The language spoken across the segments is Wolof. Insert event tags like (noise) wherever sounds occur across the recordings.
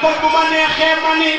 Pour ma mère,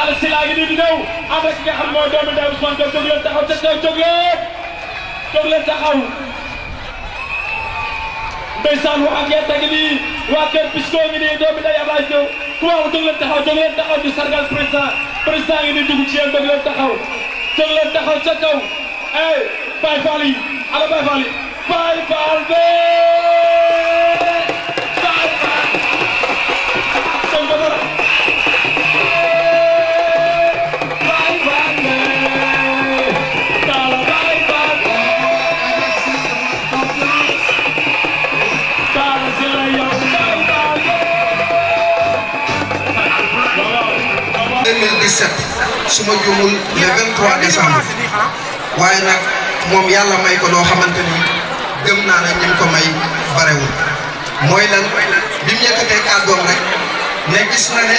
Talla Sylla gi di ñëw ànd ak ki nga xam mooy doomu Ndeye Ousmane Diop jóg leen taxaw ca kaw jóg leen jóg leen taxaw ndeysaan wax ak gerte gi nii waa kër Pisco ngi nii doomu Ndeye Ablaye Diop ku wax jóg leen taxaw jóg leen taxaw di sargal président président ngi nii dugg ci yéen jóg leen taxaw jóg leen taxaw ca kaw ay eh, Baye Fall yi ala Baye Fall yi Baye Fall bee 2017 su ma juumul le 23 décembre waaye nag moom yàlla may ko loo xamante ni gëm naa ne ñu ko may barewul mooy lan bi mu yëkkatee kàddoom rek ne gis na ne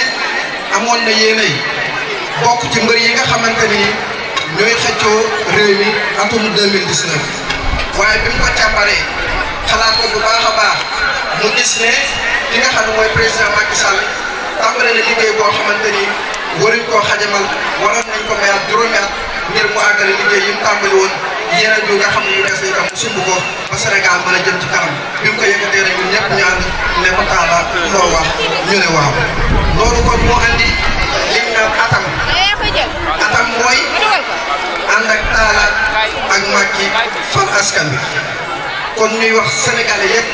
amoon na yéene bokk ci mbër yi nga xamante ni ñooy xëccoo réew mi atum 2019 waaye bi mu ko càmbaree xalaat ko baax a baax mu gis ne ki xam mooy président Macky Sall tàmbale na liggéey boo xamante ni waruñ koo xajamal waroon nañ ko mayaat juróomi at ngir mu àggale liggéey yi mu tàmbali woon yeneen yu xam yu bees yi tam ko ba Sénégal mën a jëm ci kanam bi mu ko yëkkatee rek ñun ñëpp ñu ànd ne ko taala loo wax ñu ne waaw loolu kon moo andi liñ naan kon ñuy wax sénégalais yëpp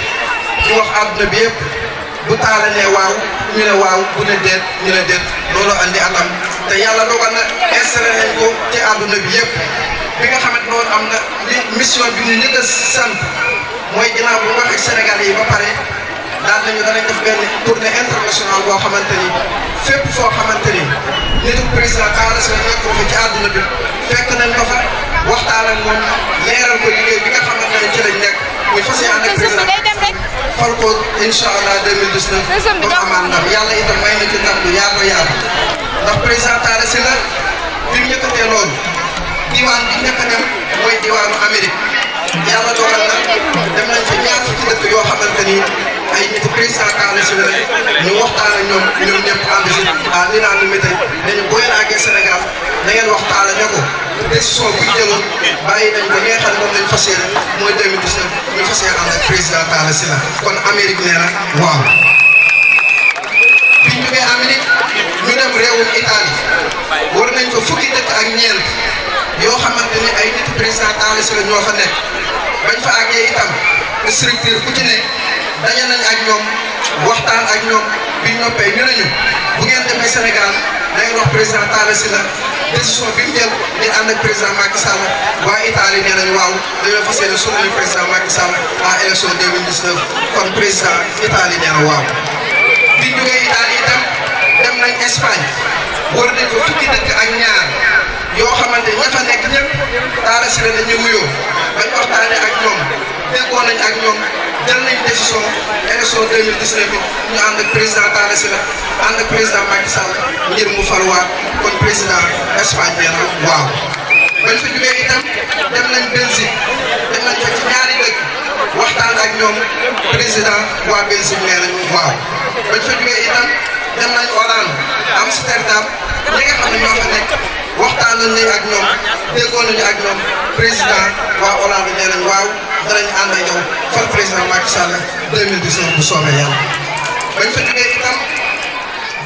ñu wax àdduna bi yëpp bu taala ne waaw ñu ne waaw bu ne déet ñu ne déet loolu andi atam te yàlla dogal na installé nañ ko ci àdduna bi yëpp bi nga xamante loolu am na li mission bi ñu njëkk a sant mooy ginnaaw bu wax ak Sénégal yi ba pare daal nañu danañ def benn tournée internationale boo xamante ni fépp foo xamante ni nitu président Talla Sylla nekk ko fa ci àdduna bi fekk nañ ko fa waxtaan ak moom leeral ko liggéey bi nga xamante ne ci lañ nekk muy fas yàlla ak président fal ko incha allah 2019. deuxième bi ba amaat ndam yàlla itam may na ci ndam lu yaatu yaatu ndax président Talla Sylla bi mu ñëkkatee loolu diwaan bi ñëkk a dem mooy diwaanu Amérique yàlla dogal na dem nañ fa ñaar fukki dëkk yoo xamante ni. ay ci président carnet souverain ñu waxtaan ak ñoom ñoom ñëpp ànd si ah ni naan mi tey dañu booy laagee Sénégal na ngeen waxtaan ne ko décision bu jëloon bàyyi nañ ko neexal moom lañ fas yéene 2019 ñu fas yéene ànd ak président Talla kon Amérique nee na waaw biñ jógee Amérique ñu dem réewum Italie war nañ ko fukki dëkk ak ñeent yoo xamante ni ay nit président Talla Sylla ñoo fa nekk bañ fa àggee itam structure ku ci ne dañu ñoom waxtaan ak ñoom bi ñu noppee ñu ne ñu bu ngeen demee Sénégal da ngeen wax président Talla Sylla décision bi ñu jël di ànd ak président Macky Sall waa Italie nee nañu waaw dañoo fas yéene suñu président Macky Sall à élection 2019 kon président Italie nee na waaw. biñ jógee Italie itam dem nañ Espagne war nañ fa fukki dëkk ak ñaar yoo xamante ña fa nekk ñëpp Talla Sylla la ñu wuyoo bañ waxtaanee ak ñoom. déggoo ak ñoom jël nañ décision élection 2019 ñu ànd ak président Talla Sylla ànd ak président ngir mu faluwaat kon président Espagne bi na waaw. bañ fa jugee itam dem nañ Belgique dem nañ fa ci ñaari dëkk waxtaan ak ñoom président waa Belgique nee nañu waaw bañ fa jugee itam dem nañ Hollande Amsterdam ñi nga xam ñoo fa nekk. waxtaan nañ ak ñoom déggoon nañu ak ñoom président waa Hollande nee waaw. danañ ànd ak yow fal président Macky Sall 2019 bu soobee yàlla. bañ fa jógee itam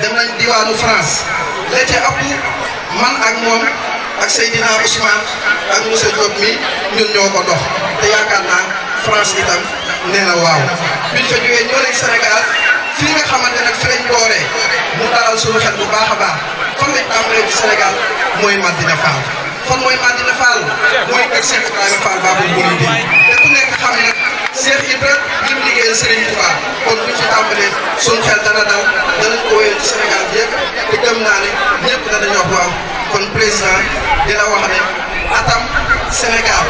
dem nañ diwaanu France la ca ëpp man ak moom ak Seydina Ousmane ak monsieur Diop mi ñun ñoo ko dox te yaakaar naa France itam nee na waaw biñ fa jógee ñoo nekk Sénégal. fii nga xamante nag fi lañ mu dalal suñu xel bu baax a baax fan lañ tàmbalee ci Sénégal mooy Madina Fall fan mooy Madina Fall mooy kër Cheikh Ibrahima Fall Babou Mouridine Cheikh Ibrahim, li mu liggéeyal Serigne Touba kon bu ci tàmbalee suñ xel dana dal danañ ko wéyal ci Sénégal bi yëpp te gëm naa ne ñëpp danañ wax waaw kon président dina wax ne atam Sénégal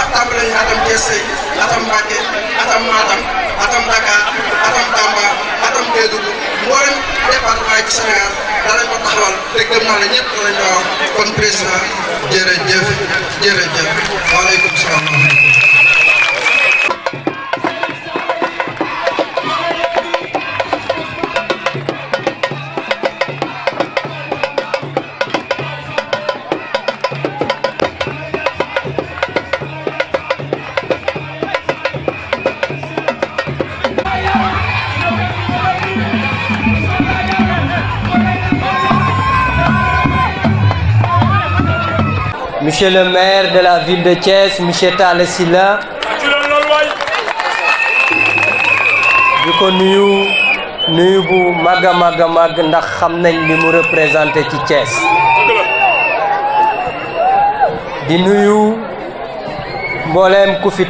ak tàmbale atam Thiès atam Mbacké atam Matam atam Dakar atam Tamba atam Kédougou mboolem département ci Sénégal danañ ko taxawal te gëm naa ne ñëpp danañ ko wax kon président jërëjëf jërëjëf salaam Monsieur le maire de la ville de Thiès, Monsieur Talessila. Nous di ko nuyu nuyu bu màgg a ndax xam nañ responsables politiques ou ci Thiès di nuyu mbooleem fi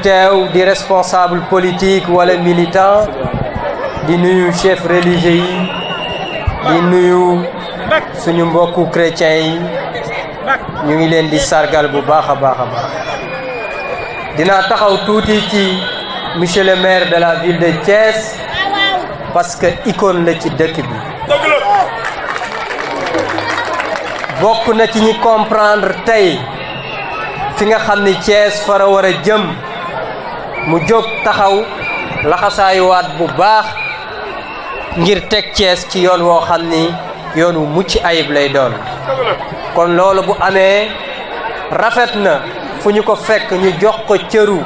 di responsable politique wala chef religieux Nous di nuyu suñu ñu ngi leen di sargal bu baax a baax a baax dinaa taxaw tuuti ci monsieur le maire de la ville de Thiès parce que icône la ci dëkk bi bokk na ci ñi comprendre tey fi nga xam ni Thiès fara war a jëm mu jóg taxaw laxasaayuwaat bu baax ngir teg Thiès ci yoon woo xam ni yoonu mucc ayib lay doon kon loolu bu amee rafet na fu ñu ko fekk ñu jox ko cëru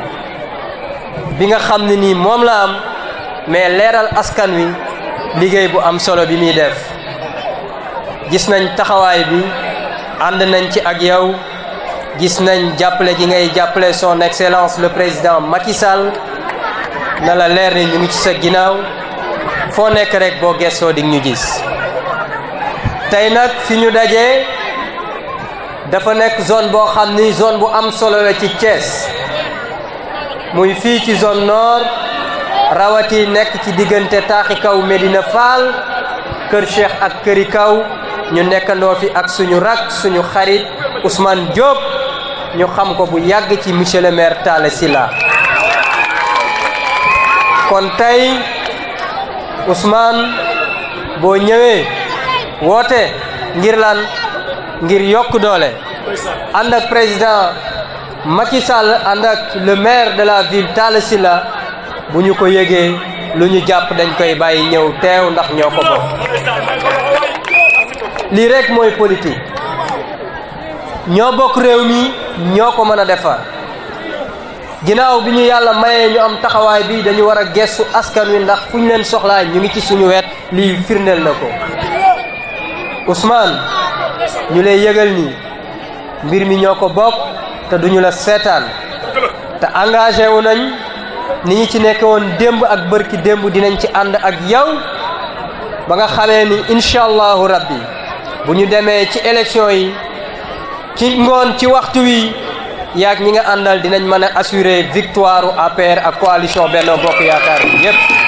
bi nga xam ne nii moom la am mais leeral askan wi liggéey bu am solo bi muy def gis nañ taxawaay bi ànd nañ ci ak yow gis nañ jàppale gi ngay jàppale son excellence le président Macky Sall na la leer ni ñu ngi ci sa ginnaaw foo nekk rek boo gestoo di ñu gis tey nag fi ñu dajee dafa nek zone bo xamni zone bu am solo la ci Thiès muy fi ci zone nord rawati nek ci digënté taaxi kaw Medina Fall keur Cheikh ak keuri kaw ñu nekkandoo fi ak suñu rak suñu xarit Ousmane Diop ñu xam ko bu yagg ci monsieur le maire Talla kon tay Ousmane bo ñëwé wote ngir lan ngir yok doole ànd ak président Macky Sall le maire de la ville Talla Sylla bu ñu ko yëgee lu ñu jàpp dañ koy bàyyi ñëw teew ndax ñoo ko bokk lii rek mooy politique ñoo bokk réew mi ñoo ko mën a defar ginnaaw bi ñu yàlla mayee ñu am taxawaay bi dañu war a gestu askan wi ndax fu leen soxlaa ñu ngi ci suñu wet lii firndeel na Ousmane ñu lay yëgal ni mbir mi ñoo ko bokk te duñu la seetaan te engagé wu nañ ni ñu ci nekk woon démb ak bërki démb dinañ ci ànd ak yow ba nga xamee ni incha allahu rabbi bu ñu demee ci élection yi ci ngoon ci waxtu wi yaag ñi nga àndal dinañ mën a assurer victoire APR ak coalition benn Bokk Yaakaar bi yépp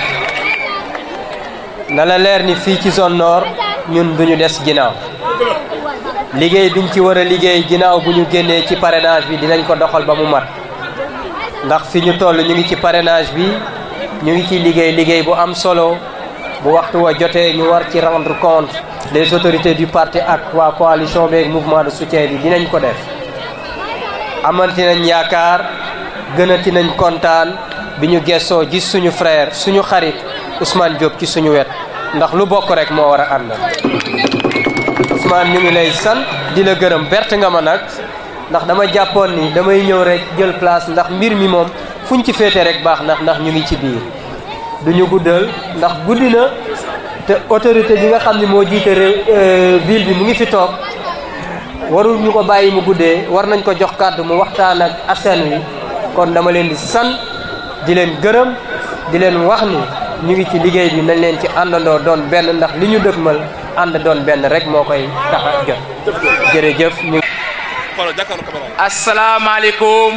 na la leer ni fii ci zone nord ñun duñu des ginnaaw liggéey biñ ci war a liggéey ginnaaw bu ci parrainage bi dinañ ko doxal ba mu mat ndax fi ñu toll ñu ngi ci bi ñu ngi am solo bu waxtu wa ñu war ci rendre compte autorités du parti ak waa coalition mouvement de soutien bi dinañ ko def nañ suñu frère Ousmane Diop ci suñu wet ndax lu bokk rek mo wara and Ousmane ñu ngi lay sant di la gëreum bert nga ma nak ndax dama jàppoon ni damay ñëw rek jël place ndax mbir mi mom fuñ ci fété rek bax nak ndax ñu ngi ci biir duñu guddal ndax guddina te autorité bi nga xamni mo jité jiite euh, ville bi mu ngi fi toog warul ñu ko bayyi mu guddé war nañ ko jox mu waxtaan ak yi kon dama leen di sant di leen gëreum di leen wax ni ñu ngi ci liggéey bi nañ leen ci àndandoo doon benn ndax li ñu dëgmal ànd doon benn rek moo koy tax a jot jërëjëf ñu asalaamaaleykum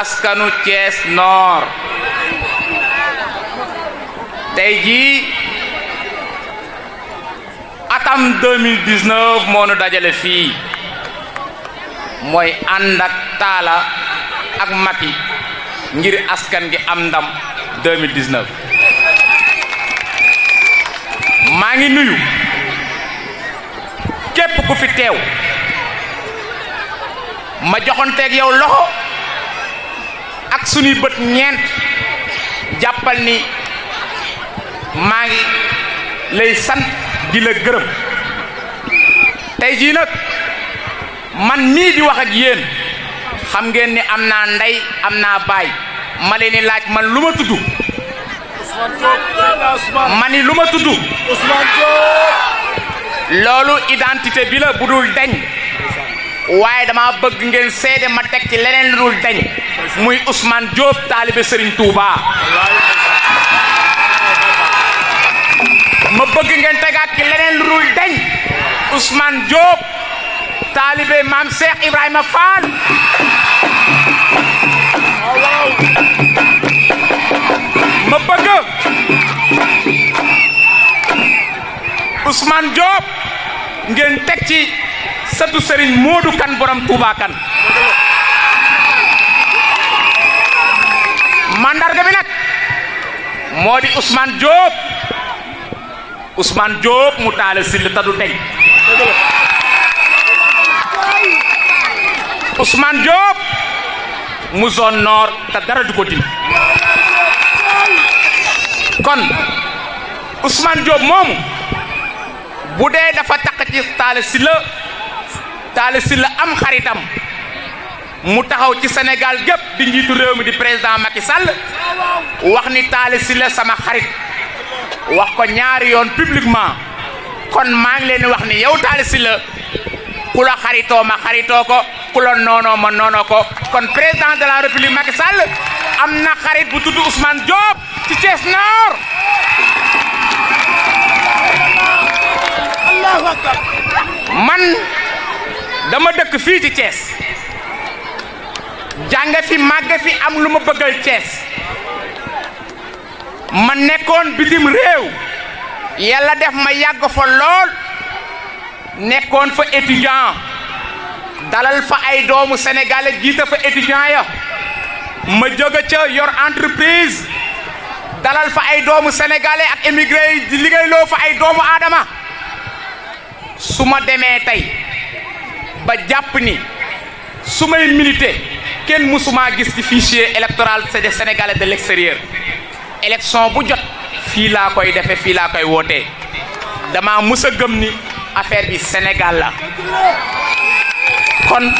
askanu Thiès noor tey jii atam 2019 moo nu dajale fii mooy ànd ak taala ak mati ngir askan gi am ndam 2019 mangi nuyu kep ku fi tew ma ak yow loxo ak suni bët ñent jappal ni mangi lay sant di la gërëm tay ji nak man mi di wax ak yeen xam ngeen ni amna nday amna bay maleni laaj man luma tuddu mani lu ma tudd loolu identité bila la bu dul deñ waaye dama bëgg ngeen seede ma teg ci leneen lu dul deñ muy Ousmane Diop taalibe Serigne Touba ma bëgg ngeen tegaat ci leneen lu dul deñ Ousmane Diop taalibe maam Cheikh Ibrahima Fall Mepege Usman Job ngeen teg ci sëtu Serigne Modou Kane Mandar Touba Kane mandarga bi nag moo di Ousmane Diop Ousmane Diop mu taale sill ta du Ousmane kon Ousmane Diop mom, budé dafa tak ci Talla Sylla Talla am xaritam mu taxaw ci Sénégal gep di njitu rew mi di président Macky Sall wax ni sama xarit wax ko ñaar yoon publiquement kon ma ngi leen wax ni yow Talla Sylla ku la ma xarito ko ku la ma nono ko kon président de la république Macky Sall am xarit bu tuddu Ousmane Diop. ci Thiès Nord man dama dëkk fii ci Thiès jànge fi màgge fi am lu ma bëggal Thiès ma nekkoon bitim réew yàlla def ma yàgg fa lool nekkoon fa étudiant dalal fa ay doomu sénégalais jiite fa étudiant ya ma jóge ca yor entreprise dalal fa ay doomu sénégalais ak émigré yi di liggéeyloo fa ay doomu aadama su ma demee ba jàpp ni sumay gis fichier électoral c'est des sénégalais de l'extérieur élection bu jot koy koy dama y a gëm ni affaire bi Sénégal la kon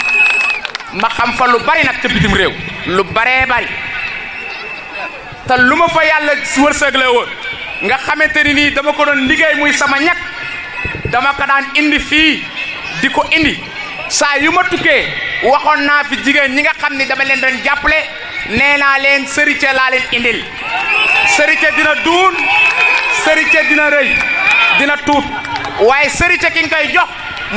ma xam fa lu bari te lu ma fa yàlla wërsëgle woon nga xamante ni nii dama ko doon liggéey muy sama ñàkk dama ko daan indi fii di ko indi saa yu ma tukkee waxoon naa fi jigéen ñi nga xam ni dama leen doon jàppale nee naa leen sërite laa leen indil sërite dina duun sërite dina rëy dina tuut waaye sërite ki nga koy jox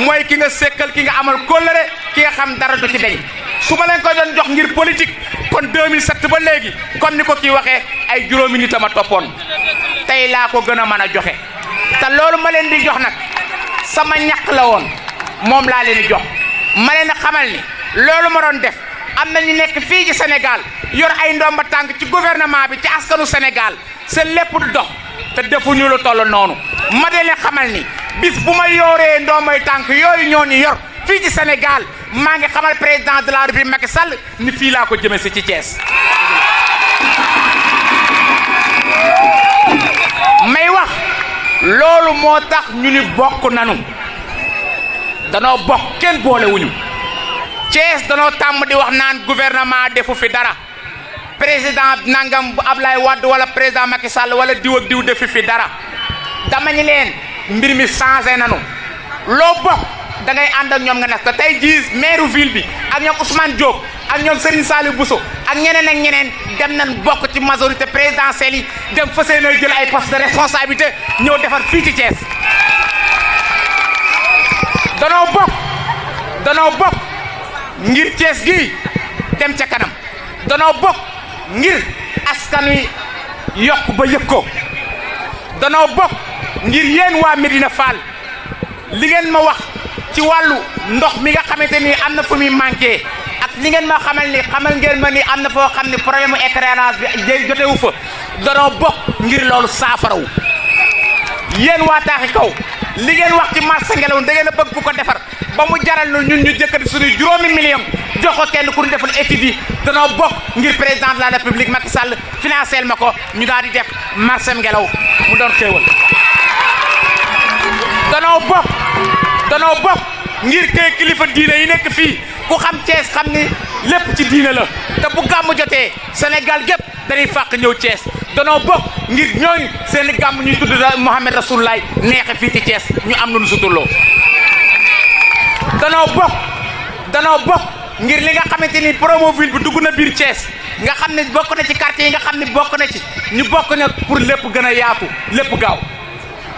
mooy ki nga sekkal ki nga amal kóllëre ki nga xam dara du ci deñ su ma leen koy doon jox ngir politique kon 2007 ba léegi kon ni ko kii waxee ay juróomi nit a ma toppoon tey laa ko gën a mën a joxe te loolu ma leen di jox nag sama ñàkk la woon moom laa leen di jox ma leen a xamal ni loolu ma doon def am na ñu nekk fii ci senegal yor ay ndomba tànk ci gouvernement bi ci askanu senegal seen lépp du dox te defuñu lu toll noonu ma de leen xamal ni bis bu ma yooree ndombay tànk yooyu ñoo ni yor. fii ci Sénégal maa ngi xamal président de la République Macky Sall ni fii laa ko jëme si ci Thiès may wax loolu moo tax ñu ni bokk nanu danoo bokk kenn boolewuñu Thiès danoo tàmm di wax naan gouvernement defu fi dara président nangam bu Ablaye wadd wala président Macky Sall wala diw diw defu fi dara damañ ñu leen mbir mi changé nanu loo bokk dangay ngay ànd ak ñoom nga nekk ko tey jii maire ville bi ak ñoom Ousmane Diop ak ñoom Serigne Saliou Bousso a ñeneen ak ñeneen dem nañ bokk ci majorité présidentielle yi dem fas yéene jël ay poste de responsabilité ñëw defar fii ci Thiès danoo bokk ngir cees gi dem ca kanam danoo bokk ngir askan wi yokk ba yëg ko danoo bokk ngir yéen waa Medina Fall li ngeen ma wax ci wàllu ndox mi nga xamante ni am na fu muy manqué ak li ngeen ma xamal ni xamal ngeen ma ni am na foo xam ni problème mu éclairage bi jé jotewu fa danoo bo ngir loolu saafarawu yéen waa taaxi kaw li ngeen wax ci marché ngelaw da na a bëgg ku ko defar ba mu jaral na ñun ñu jëkkati suñu juróomi million jox ko kenn ku ñu defal étude yi danoo bokk ngir président de la république Macky sàll financé ma ko ñu daal di def marché ngelaw mu doon xéewal danoo bokk dano bok ngir ke kilifa diine yi nek fi ku xam Thiès xam ni lepp ci diine la te bu gam jotee Sénégal gep dañuy fàq ñew Thiès dano bok ngir ñoy sen gam ñuy tudd Muhammad Rasoulaay neexe fi ci Thiès ñu am luñu nu dano bok dano bok ngir li nga xamanteni promo ville bi duguna bir biir Thiès nga xamne ne bokk na ci quartier nga xamne ne bokk na ci ñu bokk na pour lepp gëna yaatu lepp gaaw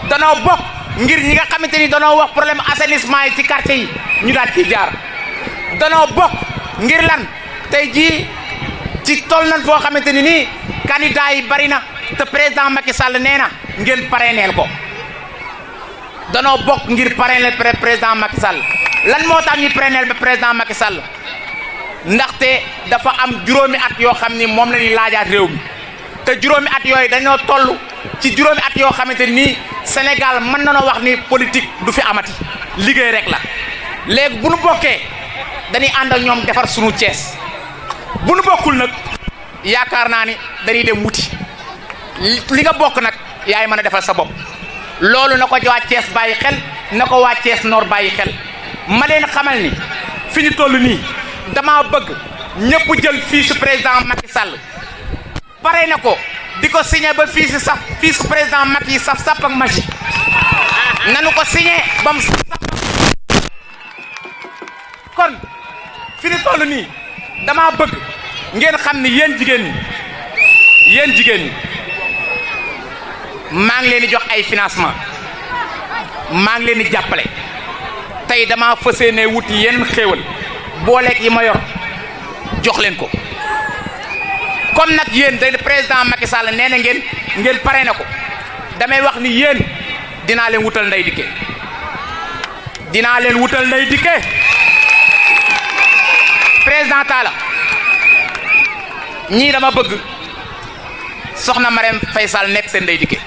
dano bok ngir ñi nga xamanteni ni danoo wax problème assainissement yi ci quartier yi ñu daal ci jaar danoo bokk ngir lan tey jii ci tol nañ foo xamanteni ni candidat yi bari na te président Macky Sall nee na ngeen parraineel ko danoo bokk ngir parraineel président Macky Sall lan moo tax ñu parraineel ba président Macky Sall ndaxte dafa am juróomi at yoo xam ni moom la ñuy laajaat réew mi te juróomi at yooyu dañoo tollu ci juróomi at yoo xamante nii Sénégal mën na noo wax ni politique du fi amati liggéey rek la léegi bu nu bokkee dañuy ànd ak ñoom defar sunu Cees bu nu bokkul nag yaakaar naa ni dañuy dem wuti li nga bokk nag yaay mën a defal sa bopp loolu na ko waa Cees bàyyi xel na ko waa Cees noor bàyyi xel ma leen xamal ni fi ñu toll nii dama bëgg ñëpp jël fii su président Macky sàll pare na ko. di ko signé ba fii si saf fii si président Macky saf sàpp ak Macky nanu ko signé ba mu saf sàpp kon fi ni toll nii damaa bëgg ngeen xam ni yéen jigéen ñi yéen jigéen ñi maa ngi leen di jox ay financement maa ngi leen di jàppale tey damaa fas yéene wuti yenn xéewal booleeg yi ma yor jox leen ko comme nag yéen da président Macky Sall nee na ngeen ngeen pare na ko damay wax ni yéen dinaa leen wutal nday dikke dinaa leen wutal nday dikke président Talla ñii dama bëgg soxna Marème Faye Sall nekk seen nday dikke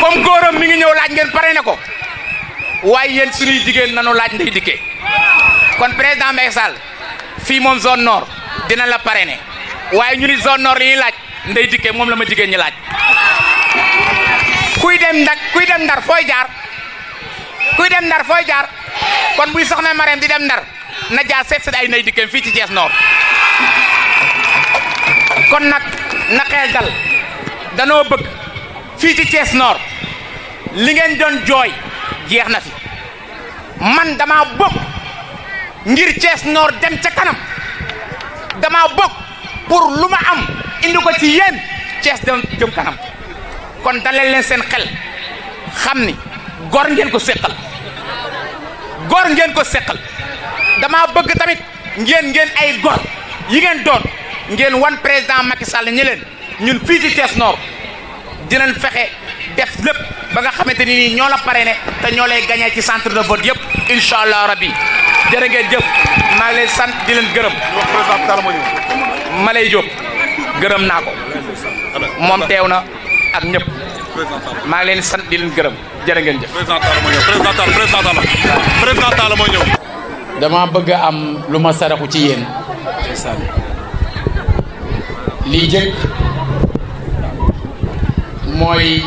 comme góoram mi ngi ñëw laaj ngeen pare na ko waaye yéen suñuy jigéen nanu laaj nday dikke kon président Macky Sall fii moom zone nord dina la parrainer waaye ñu ni zone nord li ñuy laaj ndey dikkee moom la ma jigéen ñi laaj kuy dem ndak kuy dem ndar fooy jaar kuy dem ndar fooy jaar kon buy soxna Marème di dem ndar na jaar seet seet ay ndey dikkeem fii ci Thiès nord kon nag na xel dal danoo bëgg fii ci Thiès nord li ngeen doon jooy jeex na fi man dama bokk ngir cees noor dem ca kanam dama bokk pour lu ma am indi ko ci yéen cees dem jëm kanam kon dalal leen seen xel xam ni gor ngeen ko seqal gor ngeen ko seqal dama bëgg tamit ngeen ngeen ay gor yi ngeen doon ngeen wan président Macky Sall ñi leen ñun fii ci Thiès Nord leen fexe def lépp ba nga xamante ni nii ñoo la parrainé te ñoo lay gagné ci centre de vote yëpp. incha allah rabi jërë jëf maa leen sant di leen gërëm ma lay jóg gërëm naa ko moom teew na ak ñëpp maa ngi leen sant di leen gërëm jërë ngeen jëf. moo ñëw dama bëgg a am lu ma saraxu ci yéen. lii jëkk mooy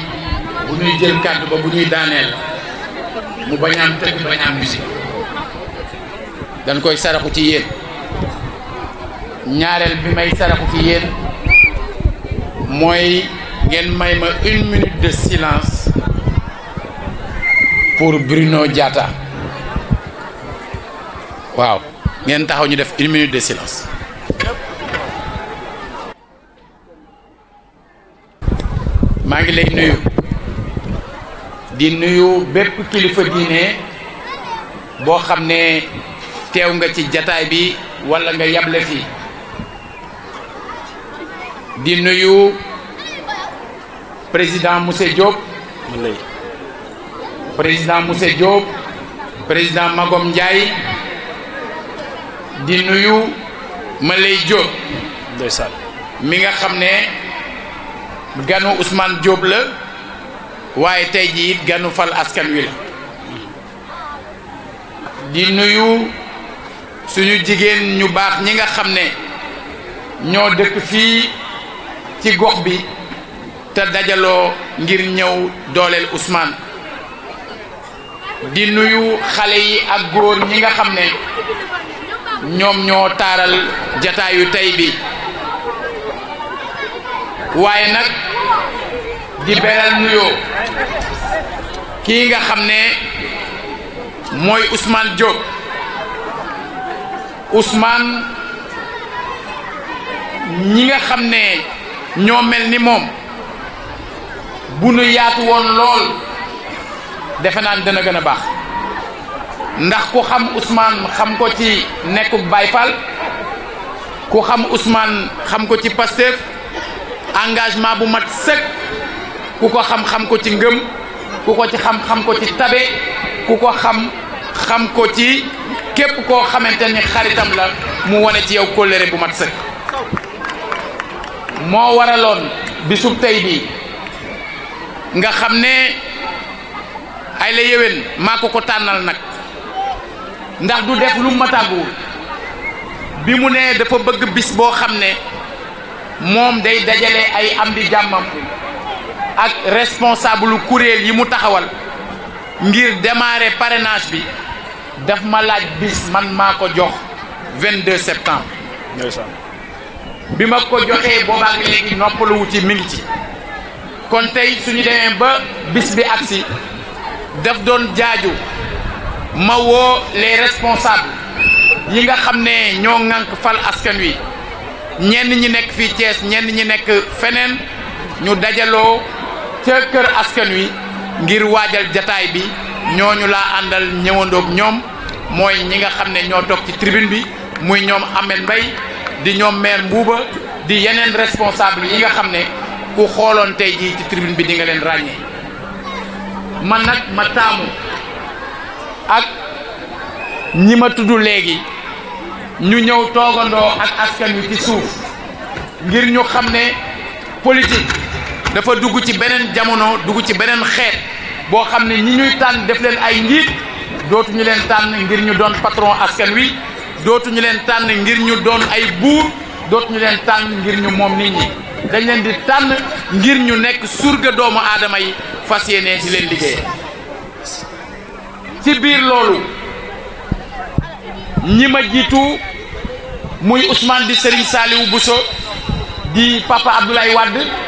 bu ñuy jël kàddu ba bu ñuy daaneel. mu bañ am koy saraxu ci yéen ñaareel bi may saraxu ci yéen mooy ngeen may ma une minute de silence pour Bruno Diatta waaw ngeen taxaw ñu def une minute de silence. maa ngi lay nuyu. di nuyu bépp kilifa diine boo xam ne teew nga ci jataay bi walla nga yable fi di nuyu président Moussé Diop président Moussé Diop président Magom Ndiaye di nuyu Malay Diop ndeysaan mi nga xam ne ganu Ousmane Diop la waaye tey jii ganu fal askan wi la di nuyu suñu jigéen ñu baax ñi nga xam ne ñoo dëkk fii ci gox bi te dajaloo ngir ñëw dooleel usmaan di nuyu xale yi ak góor ñi nga xam ne ñoom ñoo taaral jataayu tey bi waaye nag di beral nuyoo kii nga xam ne mooy Ousmane Diop Ousmane ñi nga xam ne ñoo mel ni moom bu nu yaatu woon lool defe naan dana gën a baax ndax ku xam usmaan xam ko ci nekkuk Baay Faal ku xam Ousmane xam ko ci Pastef engagement bu mat sëkk ku ko xam xam ko ci ngëm ku ko ci xam xam ko ci tabe ku ko xam xam ko ci képp koo xamante ni xaritam la mu wane ci yow kóllëre bu mat sëkk moo waraloon bisub tey bii nga xam ne ay la yéwén maa ko ko tànnal nag ndax du def lu ma bi mu nee dafa bëgg bis boo xam ne moom day dajale ay am di jàmmam ak responsable kuréel yi mu taxawal ngir démarrer parrainage bi daf ma laaj bis man maa ko jox 22 septembre. bi ma ko joxee boobaak léegi noppaluwu ci mi ngi ci. kon tey suñu demee ba bis bi agsi daf doon jaaju ma woo les responsables yi nga xam ne ñoo ŋànk fal askan wi ñenn ñi nekk fii Thiès ñenn ñi nekk feneen ñu dajaloo. ca kër askan wi ngir waajal jataay bi ñoo ñu laa àndal ñëwandoog ñoom mooy ñi nga xam ne ñoo toog ci tribune bi muy ñoom Ahmed Mbaye di ñoom maire Mbuuba di yeneen responsable yi nga xam ne ku xooloon tey jii ci tribune bi di nga leen ràññee man nag ma taamu ak ñi ma tudd léegi ñu ñëw toogandoo ak askan wi ci suuf ngir ñu xam ne politique dafa dugg ci beneen jamono dugg ci beneen xeet boo xam ne ñi ñuy tànn def leen ay njiit dootuñu leen tànn ngir ñu doon patron askan wi dootuñu leen tànn ngir ñu doon ay buur dootuñu leen tànn ngir ñu moom nit ñi dañ leen di tànn ngir ñu nekk surga doomu aadama yi fas yéene di leen liggéey ci biir loolu ñi ma jiitu muy Ousmane di Serigne Saliou Bousso di papa Abdoulaye Wade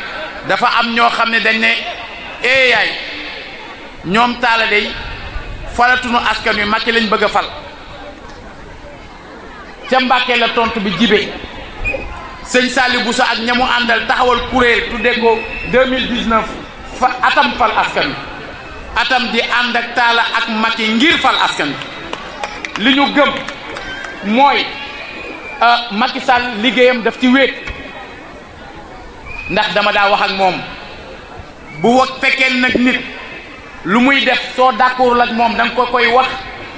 dafa am ñoo xam ne dañ ne ee eh, ñoom taala day falatunu askan wi Macky lañ bëgg a fal ca Mbàkke la tontu bi jibe sëñ Saliou Bousso ak ñamu àndal taxawal kuréel tudde ko 2019 fa atam fal askan wi atam di ànd ak taala ak Macky ngir fal askan wi li ñu gëm mooy euh, Macky Sall liggéeyam daf ci wéet ndax dama daa wax ak moom bu wa fekkee nag nit lu muy def soo d'accordul lag moom da nga ko koy wax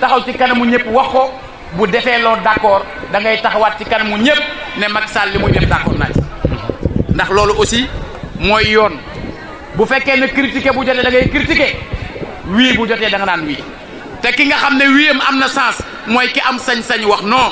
taxaw ci kanamu ñëpp wax ko bu defee loo d'accord da ngay taxawaat ci kanamu ñëpp ne mag Sall li muy def d'accord naa ci ndax loolu aussi mooy yoon bu fekkee ne critiquer bu jotee dangay ngay critiquer wii bu jotee da nga naan wii te ki nga xam ne wiam am na sens mooy ki am sañ-sañ wax non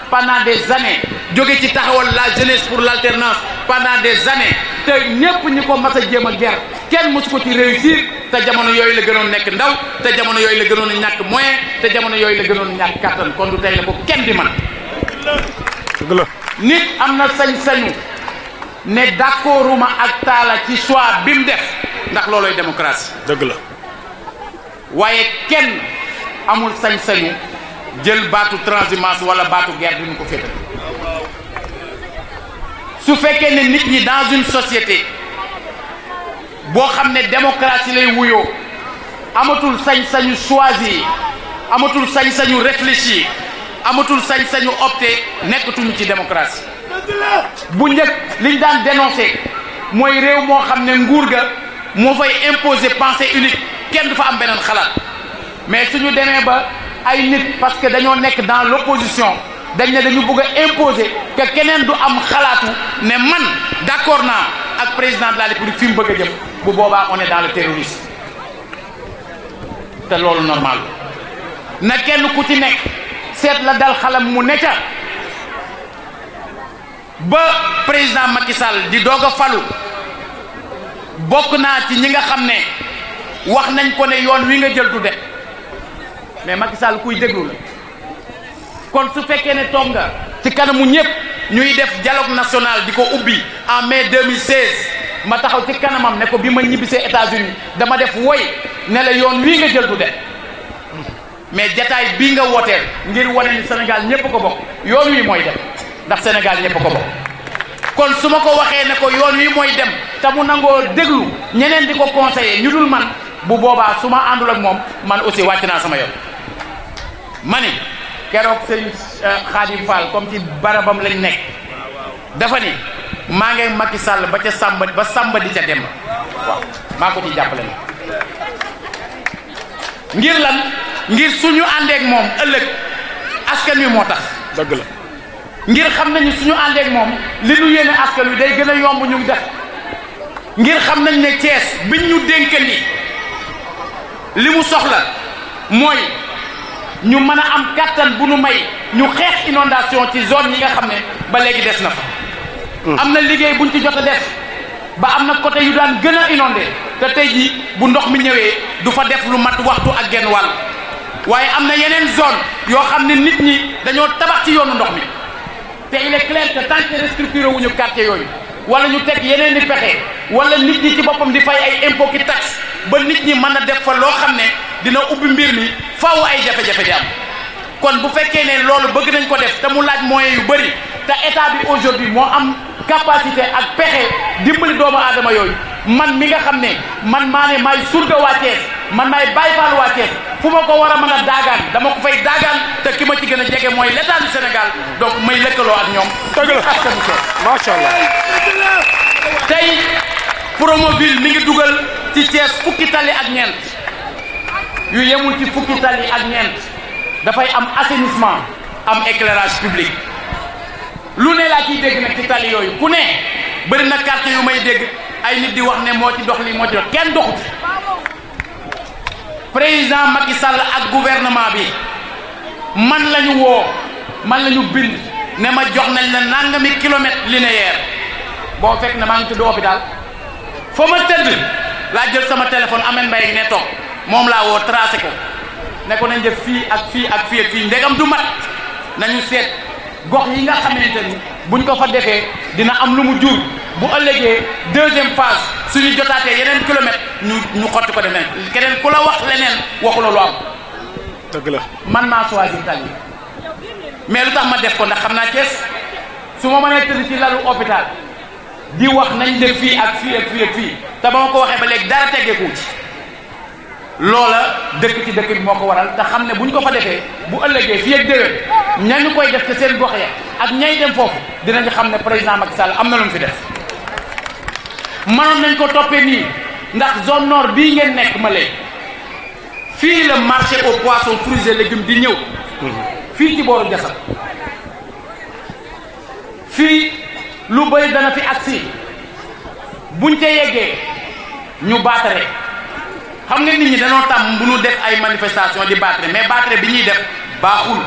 pendant des années jóge ci taxawal la jeunesse pour l'alternance pendant des années te ñépp ñi ko mas a jéem a ger kenn mosu ko ci réussir te jamono yooyu la gënoon nekk ndaw te jamono yooyu la gënoon ñàkk moyen te jamono yooyu la gënoon ñàkk kàttan kon du tey la ko kenn di man nit am na sañ-sañu ne d'accorduma ak taala ci choix bi mu def ndax loolooy démocratie dëgg la waaye kenn amul sañ-sañu jël baatu transhumance wala baatu guerre duñu ko féetal su fekkee ne nit ñi dans une société bo xamné démocratie lay wuyo amatul sañ-sañu choisir amatul sañ-sañu réfléchir amatul sañ-sañu opter nekkatuñu ci démocratie bu njëkk liñ daan dénoncer moy réew mo xamné ne nguur ga moo fay imposer pensée unique kenn du fa am benen xalaat mais suñu démé ba ay nit parce que dañoo nekk dans l'opposition dañ ne dañu bëgg a imposer que keneen du am xalaatu ne man d'accord naa ak président de la république fi mu bëgg a jëm bu boobaa on est dans le terrorisme te loolu normal na kenn ku ci nekk seet la dal xalam mu ne ba président Macky Sall di doog a falu bokk naa ci ñi nga xam ne wax nañ ko ne yoon wi nga jël du de mais Macky Sall kuy déglu la kon su fekkee ne toom nga ci kanamu ñëpp ñuy def dialogue national di ko ubbi en mai 2016 ma taxaw ci kanamam ne ko bi ma ñibbisee États-Unis dama def woy ne la yoon wii nga jël du dem mais jataay bii nga wooteel ngir wane ni Sénégal ñëpp ko bokk yoon wii mooy dem ndax Sénégal ñëpp ko bokk kon su ma ko waxee ne ko yoon wi mooy dem te mu nangoo déglu ñeneen di ko conseiller ñu dul man bu boobaa su ma àndul ak moom man aussi wàcc naa sama yoon. ma ni keroog sëñ Xaadim euh, Fall comme ci barabam lañ nekk dafa ni maa ngi Macky Sall ba ca Samba ba Samba di ca dem waaw maa ko ci jàppale ma ngir lan ngir suñu àndeek moom ëllëg askan wi moo tax dëgg la ngir xam nañu suñu àndeek moom li ñu yéene askan wi day gën a yomb ñu def ngir xam nañ ne Thiès biñ ñu dénk ni li mu soxla mooy ñu mën a am kàttan bu nu may ñu xeex inondation ci zone yi nga xam ne ba léegi des na fa hmm. am na liggéey buñ ci jot a def ba am na côté yu daan gën a inondé te tey ji bu ndox mi ñëwee du fa def lu mat waxtu ak genn wàll waaye am na yeneen zone yoo xam ne nit ñi dañoo tabax ci yoonu ndox mi te il est clair que tant que restructuré wuñu quartier yooyu wala ñu teg yeneen di pexe wala nit ñi ci boppam di fay ay impôt ki ba nit ñi mën na def fa loo xam ne dina ubbi mbir mi faaw ay jafe-jafe di am kon bu fekkee ne loolu bëgg nañ ko def te mu laaj moyens yu bëri te état bi aujourd'hui moo am capacité ak pexe dimbali doomu aadama yooyu man mi nga xam ne man maa ne maay surga waa Thiès man maay Baay Faal waa Thiès fu ma ko war a mën a daagaan dama ko fay daagaan te ki ma ci gën a jege mooy l'état du Sénégal donc may lëkkaloo ak ñoom. dëgg la macha allah. tey Promoville mi ngi dugal ci Thiès fukki tali ak ñeent yu yemul ci fukki tali ak ñeent dafay am assainissement am éclairage public lu ne laa ciy dégg nag ci tali yooyu ku ne bëri na quartier yu may dégg ay nit di wax ne moo ci dox li moo ci kenn doxut. président Macky Sall ak gouvernement bi man la ñu woo man la ñu bind ne ma jox nañ nanga nangami kilomètre linéaire boo fekk ne maa ngi tëdd hôpital foo ma tëdd laa jël sama téléphone ameen mbay ne toog moom laa woo tracé ko ne ko nañ def fii ak fii ak fii ak fii ndegam du mat nañu seet gox yi nga xamante ni bu buñ ko fa defee dina am lu mu jur bu ëllëgee deuxième phase suñu jotaatee yeneen kilomètre ñu ñu xotti ko demee keneen ku la wax leneen waxu la lu am. dëgg la man naa choisir tali mais lu tax ma def ko ndax xam naa Cees su ma mënee tëdd ci lalu hôpital di wax nañ def fii ak fii ak fii ak fii te ba ma ko waxee ba léegi dara teggeeku ci loola dëkk ci dëkk bi moo ko waral te xam ne ñu ko fa defee bu ëllëgee fii ak déwén ñañu koy def ci seen gox ya ak ñay dem foofu dinañu xam ne président Macky Sall am na lu mu fi def mënoon nañ ko toppee nii ndax zone nord bii ngeen nekk ma léegi fii la marché aux poissons fruits et légumes di ñëw fii ci booru jasal fii lu bëri dana fi agsi buñ ca yeggee ñu baatare xam nga nit ñi danoo tàmm bu ñu def ay manifestation di baatare mais baatare bi ñuy def baaxul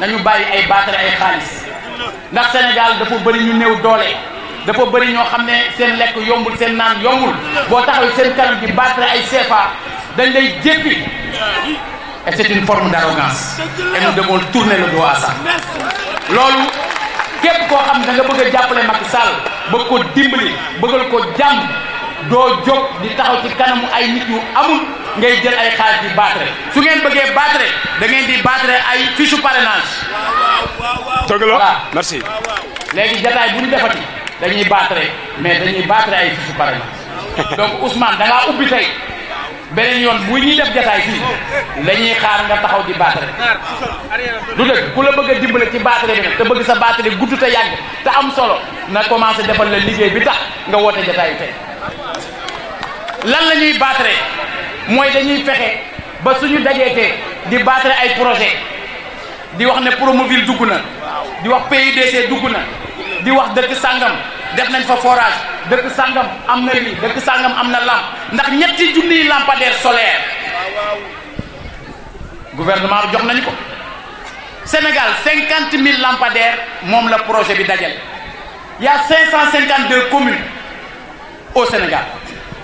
nañu bàyyi ay baatale ay xaalis ndax Sénégal dafa bëri ñu néew doole dafa bëri ñoo xam ne seen lekk yombul seen naan yombul boo taxaw seen kanam bi baatale ay CFA dañ lay jéppi et c'est une forme d'arrogance et nous devons tourner le dos à ça loolu képp koo xam ne da bëgg jàppale Macky Sall bëgg ko dimbali bëggal ko jàmm doo jóg di taxaw ci kanamu ay nit yu amul ngay jël ay xaalis di baatare su ngeen bëggee baatare da ngeen di baatare ay fiche parrainage. dëgg la merci. léegi jataay bu ñu defati dañuy baatare mais dañuy baatare ay fiche parrainage (laughs) donc Ousmane da ngaa ubbi tey beneen yoon bu ñuy def jataay fii la ñuy xaar nga taxaw di baatare du dëgg ku la bëgg a dimbale ci baatare bi nag te bëgg sa baatare gudd te yàgg te am solo na commencé defal la liggéey bi tax nga woote jataayu tey. lan la ñuy battre mooy dañuy fexe ba suñu dajeete di battre ay projet di wax ne Promoville dugg na di wax PUDC dugg na di wax dëkk sàngam def nañ fa forage dëkk sàngam am na lii dëkk sàngam am na lamp ndax ñetti junniy lampadaire solaire gouvernement jox nañ ko Sénégal 50 000 lampadaires moom la projet bi dajal y a 552 communes au Sénégal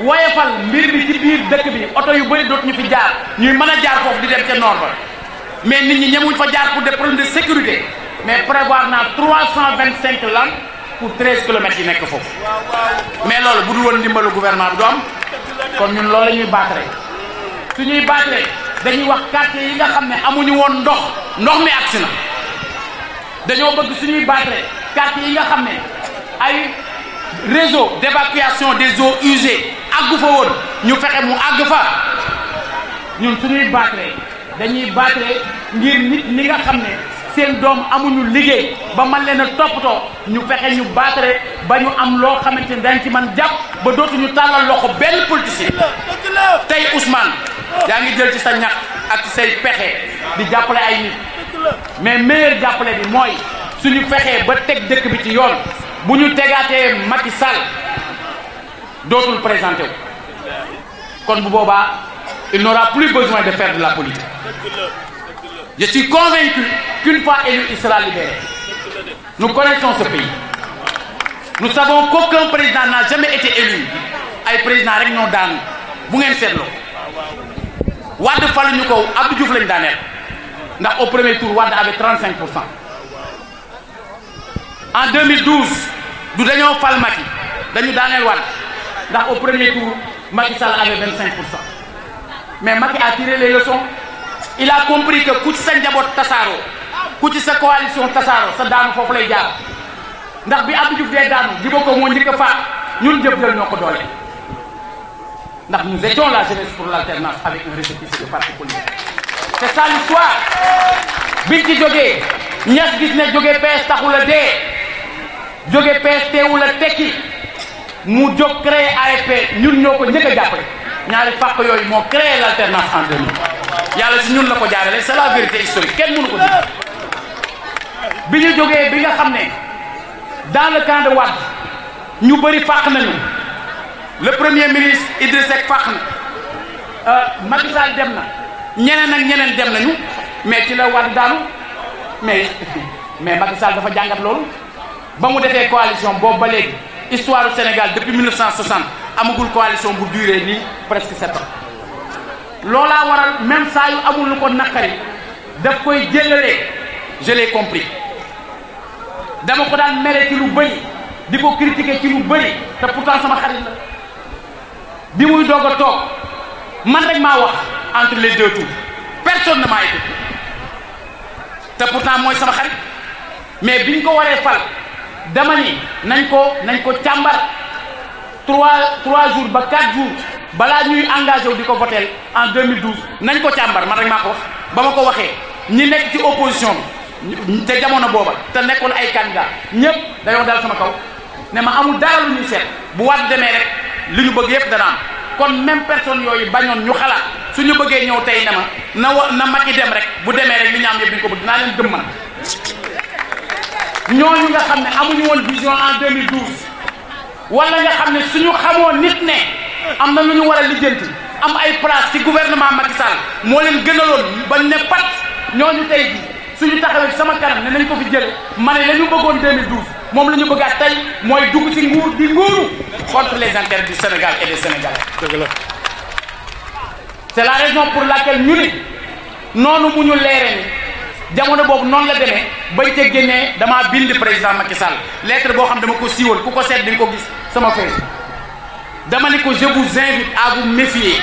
woyofal mbir bi ci bi mais nit ñi pour des problèmes de sécurité mais prévoir 325 lan pour 13 kilomètres yi mais loolu bu dul woon gouvernement bi du am kon ñun loolu la ñuy baatare suñuy dañuy wax quartier yi nga amuñu ndox ndox quartier réseau d'évacuation des eaux usées àggu fa woon ñu fexe mu àgg fa ñun suñuy baatere dañuy baatere ngir nit ñi nga xam ne seen doom amuñu liggéey ba man leen a toppatoo ñu fexe ñu baatere ba ñu am loo xamante ni dañ ci man jàpp ba dootuñu tàllal loxo benn politicien tey Ousmane yaa ngi jël ci sa ñax ak ci say pexe di jàppale ay nit mais meilleur jàppale bi mooy suñu fexee ba teg dëkk bi ci yoon bu ñu tegaatee Macky Sall d'autres le Quand il n'aura plus besoin de faire de la politique je suis convaincu qu'une fois élu il sera libéré nous connaissons ce pays nous savons qu'aucun président n'a jamais été élu Un président Réunion ñoo Vous bu pas seetloo Wade ko Abdou au premier tour Wade avait 35 en 2012 du dañoo ndax au premier tour Macky Sall avait 25 mais Macky a tiré les leçons il a compris que ku ci sa Kouti sa coalition Tassaro, sa daanu foofu lay jaar ndax bi Abdou Diouf dee daanu di ba ko ñun jëf jël ndax nous étions la jeunesse pour l'alternance avec un récépissé de parti politique c'est ça l'histoire Binti ci n'yas ñas gis ne jogé PS taxul la dé jogé PS la tekki mu jóg créé AFP ñun ñoo ko njëkk a jàppale ñaari fàq yooyu moo créé l' alternance en 2000 yàlla si ñun la ko jaarale c' est la vérité historique kenn mënu ko dindi bi ñu jógee bi nga xam ne dans le camp ñu bëri fàq nañu le premier ministre Idriss Seck fàq na euh, Macky Sall dem na ñeneen ak ñeneen dem nañu mais ci la Wade daanu mais (laughs) mais Macky Sall dafa jàngat loolu ba mu defee coalition boobu ba léegi. histoire du Sénégal depuis 1960 amagul coalition bu durer ni presque 7 ans loolaa waral même ça yu amul lu ko nakari daf koy jëlalee je l'ai compris dama ko daan méré ci lu bëri diko critiquer ci lu bëri te pourtant sama xarit la bi muy doog tok, man rek ma wax entre les deux tours personne ne m'a écouté te pourtant moy sama xarit mais biñ ko waré fal. dama ni nañ ko nañ ko chambar 3 3 jours ba 4 jours balaa ñuy engagé diko voter en 2012 nañ ko chambar man rek mako wax ba ma ko waxee ñi nek ci opposition te jamono boba te nekkon ay candidat ñëpp dañoo dal sama kaw ne ma amul dara lu ñu sét bu waat démé rek li ñu bëgg yépp dana am kon même personne yoy bañon ñu xalaat suñu bëggé ñew tay ne ma na na ma ci dem rek bu démé rek li ñam yépp yëpp dañ ko bëgg dinaa leen gëm man ñooñu nga xam amuñu vision en 2012 wala nga suñu nit ñu a am ay place gouvernement Macky Sall leen gënaloon ba ne pat suñu sama nañ ko fi 2012 dugg ci nguur contre les intérêts du Sénégal et des Sénégalais. c'est la raison pour laquelle nous ne noonu mu vision ni jamono boobu non la demé bañ ca génnee damaa bind président Macky Sall lettre bo xam dama ko siwol ku ko seet ding ko gis sama fee dama je vous invite à vous méfier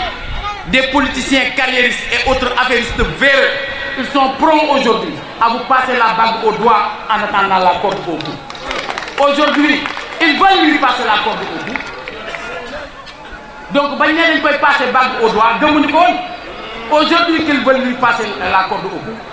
des politiciens carriéristes et autres affairistes verts. ils sont prêts aujourd'hui à vous passer la bague au doigt en attendant l'accord corde au aujourd'hui ils veulent lui passer la corde au bout. donc bañ ne dañ koy passer bague au doigt gëmuñu ko aujourd'hui qu'ils veulent lui passer l'accord corde au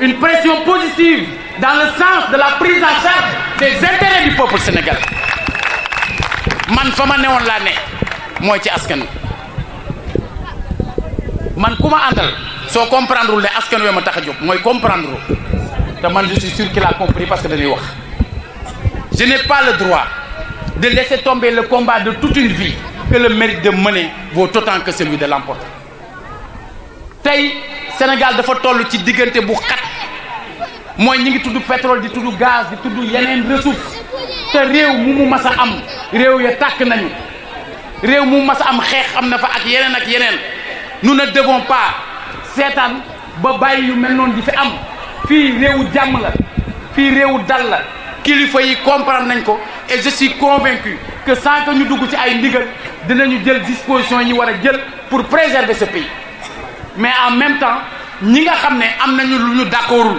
une pression positive dans le sens de la prise en charge des intérêts du peuple sénégalais man fama ma l'année. né. ne ci askan man ku andal, so comprendre le ne askan wi ma comprendre te man je suis sûr qu'il a compris parce que dañuy wax je n'ai pas le droit de laisser tomber le combat de toute une vie que le mérite de mener vaut autant que celui de l'emporter Tay, Sénégal dafa tollu ci diggante bu xat moy ñi ngi tuddu pétrole di tuddu gaz di tuddu yeneen ressource te réew mu mu massa am réew ya tak nañu réew mu massa am xeex am na fa ak yeneen ak yeneen nous ne devons pas seetaan ba bàyyi yu mel noonu di fi am fii réewu jàmm la fii réewu dal la kilifa yi comprendre nañ ko et je suis convaincu que sans que ñu dugg ci ay ndigal dinañu jël disposition yi war a jël pour préserver ce pays mais en même temps ñi nga xam ne am nañu lu ñu d'accordul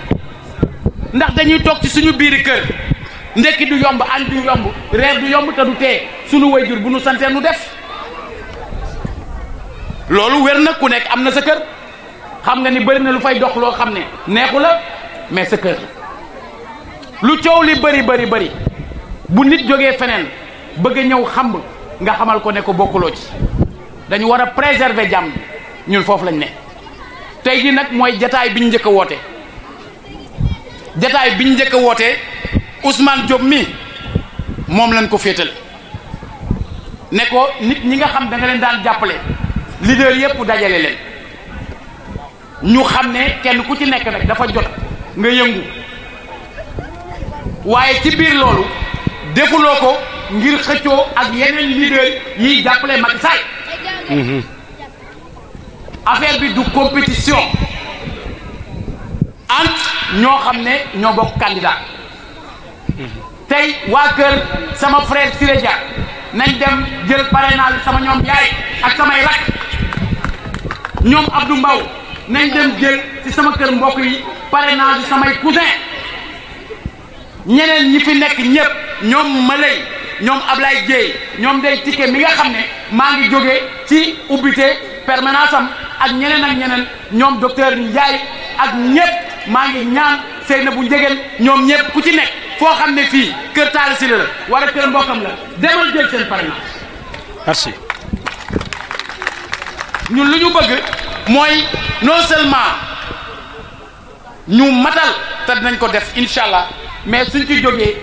ndax dañuy tok ci suñu biir kër ndekki du yomb and du yomb reer du yomb te du tee suñu wayjur bu nu santee nu def loolu wér na ku nekk am na sa kër xam nga ni bari na lu fay dox loo xam ne neexu la mais sa kër lu ciow li bari bari bari bu nit jógee feneen bëgg ñëw xamb nga xamal ko ne ko bokkuloo ci dañu war a préserver jàmm ñun foofu lañ ne tey ji nag mooy jataay njëkk a jataay bi ñu njëkk a wootee Ousmane Diop mi moom lañ ko féetal ne ko nit ñi nga xam da nga leen daan jàppale leader yëpp dajale leen ñu xam ne kenn ku ci nekk nag dafa jot nga yëngu waaye ci biir loolu defuloo ko ngir xëccoo ak yeneen leader yiy jàppale Macky Sall mm-hmm. affaire bi du compétition ak ñoo xam ne ñoo bokk candidat tey waa kër sama frère Siré Dia nañ dem jël parrainage sama ñoom yaay ak samay rakk ñoom Abdou Mbaw nañ dem jël ci sama kër mbokk yi parrainage samay cousin ñeneen ñi fi nekk ñëpp ñoom Malay ñoom Ablaye Dieye ñoom day tikke mi nga xam ne maa ngi jóge ci ubbite permanence ak ñeneen ak ñeneen ñoom docteur Ndiaye ak ñëpp maa ngi ñaan sëy na bu njegeen ñoom ñëpp ku ci nekk foo xam ne fii kër Talla Sylla la wala kër mbokkam la demal jël seen parrainage. merci. ñun lu ñu bëgg mooy non seulement ñu matal te nañ ko def incha allah mais suñ ci jógee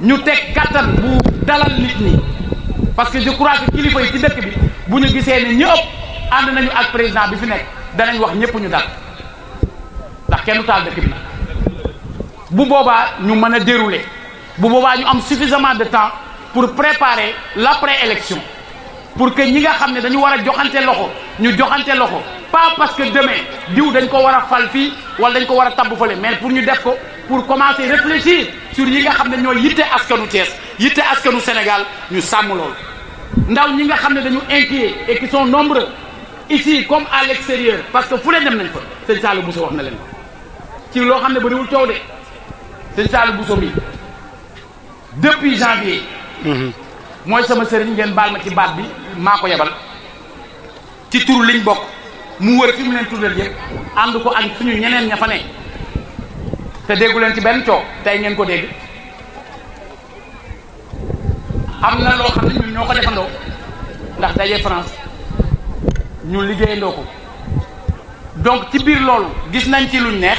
ñu teg kattan bu dalal nit ñi parce que je crois que kilifa yi ci dëkk bi bu ñu gisee ne ñëpp ànd nañu ak président bi fi nekk danañ wax ñëpp ñu dal. ndax kenn du taal dëkk bi bu boobaa ñu mën a dérouler bu boobaa ñu am suffisamment de temps pour préparer l'après-élection pour que ñi nga xam ne dañu war a joxante loxo ñu joxante loxo pas parce que demain diw dañ ko war a fal fii wala dañ ko war a tabb fële mais pour ñu def ko pour commencer réfléchir sur yi nga xam ne ñooy yitte askanu Thiès yitte askanu Sénégal ñu sàmm loolu ndaw ñi nga xam ne dañu inquié et qui sont nombreux ici comme à l'extérieur parce que fu leen dem nañ fa sëñ Saalum Moussa wax na leen ko ci loo xam ne bëriwul coow de sëñ Saliou Bousso mi depuis janvier. Mhm. mooy sama sëriñ ngeen baal ma ci baat bi maa ko yabal ci tur liñ bokk mu wër fi mu leen tuddal yëpp ànd ko ak suñu ñeneen ña fa ne te déggu leen ci benn coow tey ngeen ko dégg am na loo xam ne ñun ñoo ko defandoo ndax daje France ñu liggéeyandoo ko donc ci biir loolu gis nañ ci luñ neex.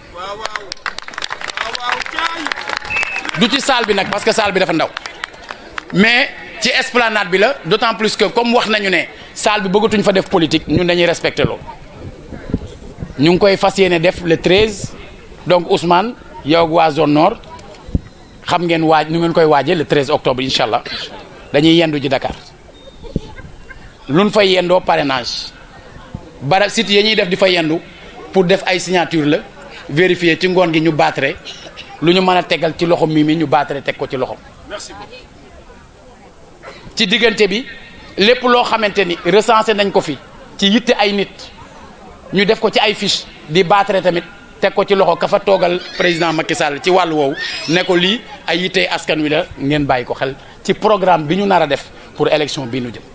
du salle bi nag parce que salle bi dafa ndaw mais ci esplanade bi la d'autant plus que comme wax nañu né salle bi bëggatuñ fa def politique ñun dañuy respecter lo ñu ngi koy fas def le 13 donc Ousmane yow wa zone nord xam ngeen waaj ñu ngeen koy waajee le 13 octobre inshallah dañuy yendu ji Dakar luñ fay yendo parrainage barab site ya ñuy def di fa yendu pour def ay signature la vérifier ci ngone gi ñu battre. lu ñu mën a tegal ci loxo mii mi ñu baatare teg ko ci loxo ci diggante bi lépp loo xamante ni recensé nañ ko fi ci yitte ay nit ñu def ko ci ay fiche di baatare tamit teg ko ci loxo kafa toogal président Macky Sall ci wàllu woowu ne ko lii ay yitte askan wi la ngeen bàyyi ko xel ci programme bi ñu nar a def pour élection bii nu jëm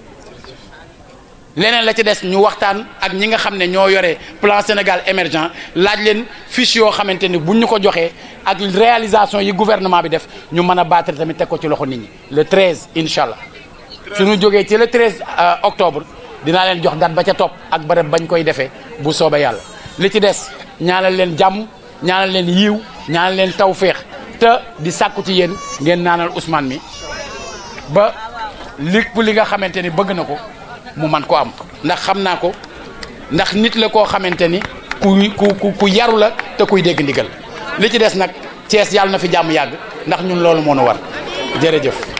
leneen la ci des ñu waxtaan ak ñi nga xam ne ñoo yore plan Sénégal émergent laaj leen fiche yoo xamante ni buñ ñu ko joxee ak réalisation yi gouvernement bi def ñu mën a battre tamit teg ko ci loxo nit ñi le 13 incha allah suñu jógee ci le 13 euh, octobre dinaa leen jox date ba ca topp ak barab bañ koy defee bu soobee yàlla li ci des ñaanal leen jàmm ñaanal leen yiw ñaanal leen tawféex te di sàkku ci yéen ngeen naanal Ousmane mi ba lépp li nga xamante ni bëgg na ko mu man ko am ndax xam naa ko ndax nit la koo xamante ni ku ku ku yaru la te kuy dégg ndigal li ci des nag Cees yàlla na fi jàmm yàgg ndax ñun loolu moo nu war jërëjëf